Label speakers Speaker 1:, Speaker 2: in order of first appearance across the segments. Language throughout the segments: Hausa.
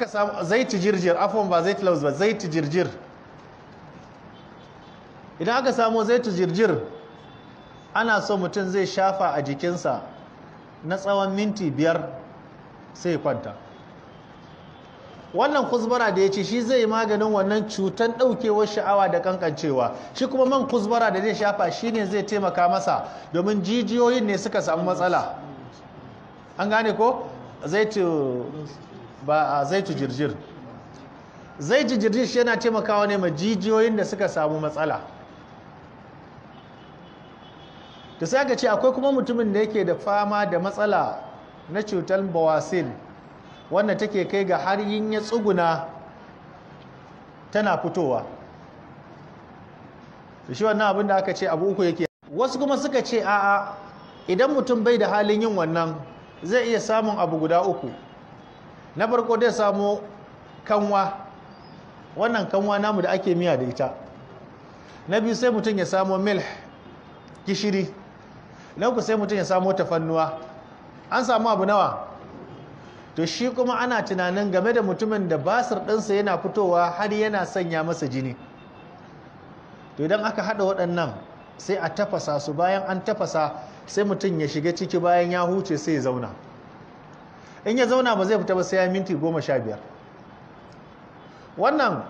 Speaker 1: ka samu ci jirjir afon ba ci laus ba ci jirjir idan aka samu ci jirjir ana so mutum zai shafa a jikinsa na tsawon minti biyar sai kwanta wannan kuzbara da ya ci shi zai maganin wannan cutar daukewar sha'awa da kankancewa shi kuma man kuzbara da zai shafa shi ne zai taimaka masa domin jijiyoyin ne suka samu matsala an gane ko zai ba ci jirjir ci jirjir shi yana taimakawa ne ma jijiyoyin da suka samu matsala ta ga ce akwai kuma mutumin da yake da fama da matsala na cutar bawasil wanda take kai ga har yin ya tsuguna tana fitowa da shi wannan abin da aka ce abu uku yake wasu kuma suka ce a'a idan mutum bai da halin yin wannan zai iya samun abu guda uku na farko dai samu kanwa wannan kanwa namu da ake miya da ita na biyu sai mutum ya samo mil kishiri. na uku sai mutum ya samo tafannuwa an samu abu nawa to shi kuma ana tunanin game da mutumin da basir ɗinsa yana fitowa har yana sanya masa jini to idan aka haɗa waɗannan sai a tafasa su bayan an tafasa sai mutum ya shiga ciki bayan ya huce sai ya zauna in ya zauna ba zai fita ba sai ya minti goma sha biyar wannan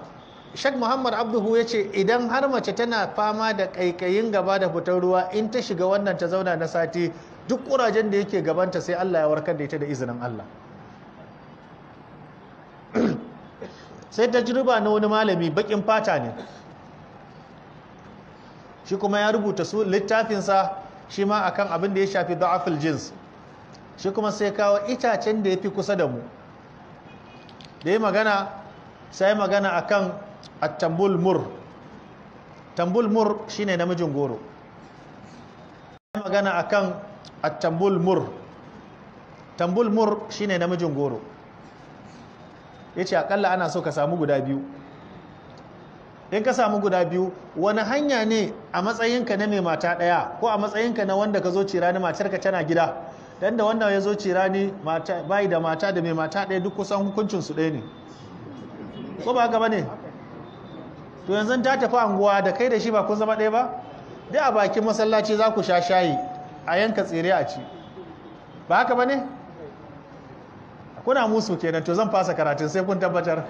Speaker 1: shek muhammad abduhu ya ce idan har mace tana fama da ƙaiƙayin gaba da fitar ruwa in ta shiga wannan ta zauna na sati duk ƙurajen da yake gabanta sai allah ya warkar da ita da izinin allah sai ta ruba na wani malami baƙin fata ne shi kuma ya rubuta su littafinsa shi ma akan abin da ya shafi da'aful jins shi kuma sai kawo itacen da ya fi kusa da mu da yi magana sai magana akan tambul mur tambul mur shine namijin goro sai magana akan tambul mur tambul mur shine namijin goro Ya ce akalla ana so ka samu guda biyu in ka samu guda biyu wani hanya ne a matsayinka na mai mata ɗaya ko a matsayinka na wanda ka zo cira na matarka tana gida dan da wanda ya zo cirani mata bai da mata da mai mata ɗaya duk kusan hukuncin su ɗaya ne ko ba gaba ne to yanzu ta tafi anguwa da kai da shi ba kun zama ɗaya ba dai a bakin masallaci za ku sha shayi a yanka tsere a ci ba haka ba ne kuna musu kenan to zan fasa karatun sai kun tabbatar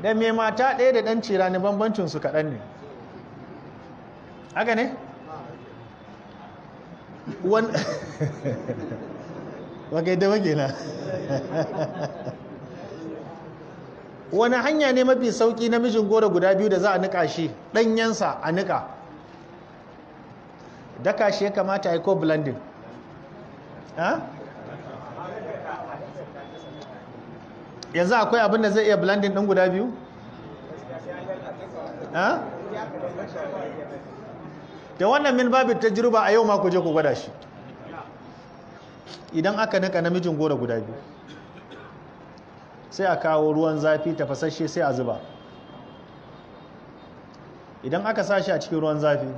Speaker 1: da mai mata ɗaya da ɗan cirani bambancin su kaɗan ne haka ne na wani hanya ne mafi sauki na mijin goro guda biyu da za a nika shi ɗanyensa a nika daka shi ya kamata ya ko blandin yanzu akwai abin da zai iya blandin ɗin guda biyu? da wannan min babu tajriba a yau ma ku je ku gwada shi idan aka nika namijin gora guda biyu sai a kawo ruwan zafi fasashe sai a zuba idan aka sashi a cikin ruwan zafi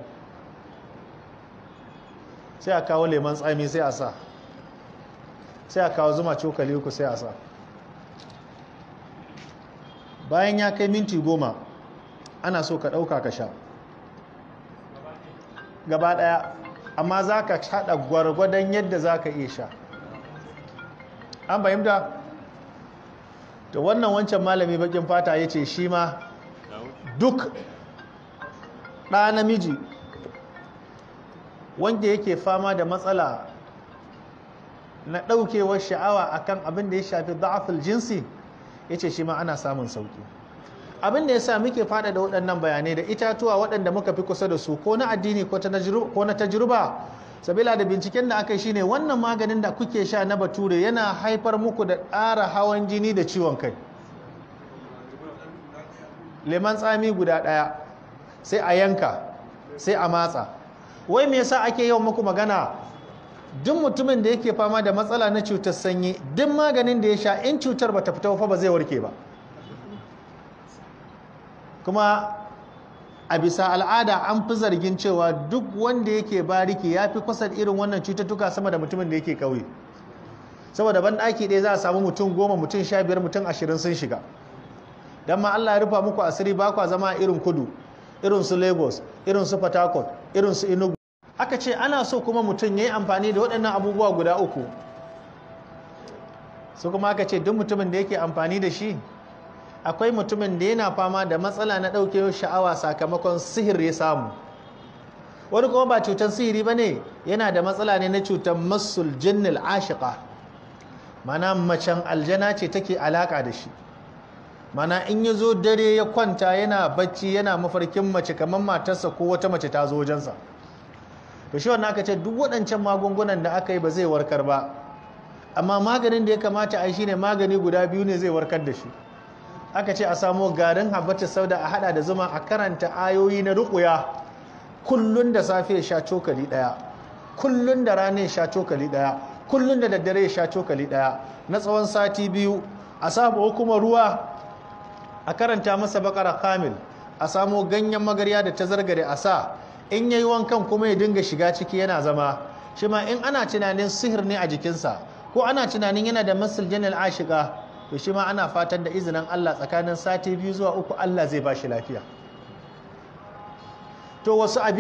Speaker 1: sai a kawo lemon tsami sai a sa sai a kawo zuma cokali ku sai a sa bayan ya kai minti goma ana so ka ɗauka ka sha gaba daya amma za ka haɗa gwargwadon yadda za ka iya sha an fahimta da wannan wancan malami bakin fata ya ce shi ma duk ɗa namiji wanda yake fama da matsala na ɗaukewar sha'awa akan abin da ya shafi da'aful jinsi ya ce shi ma ana samun sauki abin da ya sa muke fada da waɗannan bayanai da itatuwa waɗanda muka fi kusa da su ko na addini ko na tajruba sabila da binciken da aka yi shine wannan maganin da kuke sha na bature yana haifar muku da ƙara hawan jini da ciwon kai leman tsami guda ɗaya sai a yanka sai a matsa wai me yasa ake yawan muku magana duk mutumin da yake fama da matsala na cutar sanyi duk maganin da ya sha in cutar bata fita fa ba zai warke ba kuma a bisa al'ada an fi zargin cewa duk wanda yake bariki ya fi kwasar irin wannan cututtuka sama da mutumin da yake ƙauye saboda ban ɗaki ɗaya za a samu mutum goma mutum sha biyar mutum ashirin sun shiga don ma allah ya rufa muku asiri ba kwa zama irin kudu irin su lagos irin su port irin su enugu aka ce ana so kuma mutum ya yi amfani da waɗannan abubuwa guda uku su kuma aka ce duk mutumin da yake amfani da shi akwai mutumin da yana fama da matsala na ɗauke sha'awa sakamakon sihir ya samu wani kuma ba cutar sihiri ba ne yana da matsala ne na cutar masul jinnil ashika. mana macen aljana ce take alaka da shi mana in ya zo dare ya kwanta yana bacci yana mafarkin mace kamar matarsa ko wata mace ta zo wajensa to shi wannan aka ce duk waɗancan magungunan da aka yi ba zai warkar ba amma maganin da ya kamata a yi ne magani guda biyu ne zai warkar da shi aka ce a samo garin habbatu sauda a hada da zuma a karanta ayoyi na rukuya kullun da safe sha cokali daya kullun da rana sha cokali daya kullun da daddare sha cokali daya na tsawon sati biyu a samu kuma ruwa a karanta masa bakara kamil a samo ganyen magarya da ta zargare a sa in yayi wankan kuma ya dinga shiga ciki yana zama shima in ana tunanin sihir ne a jikinsa ko ana tunanin yana da masul janal ashika to shi ma ana fatan da izinin Allah tsakanin sati biyu zuwa uku Allah zai ba shi lafiya to wasu abi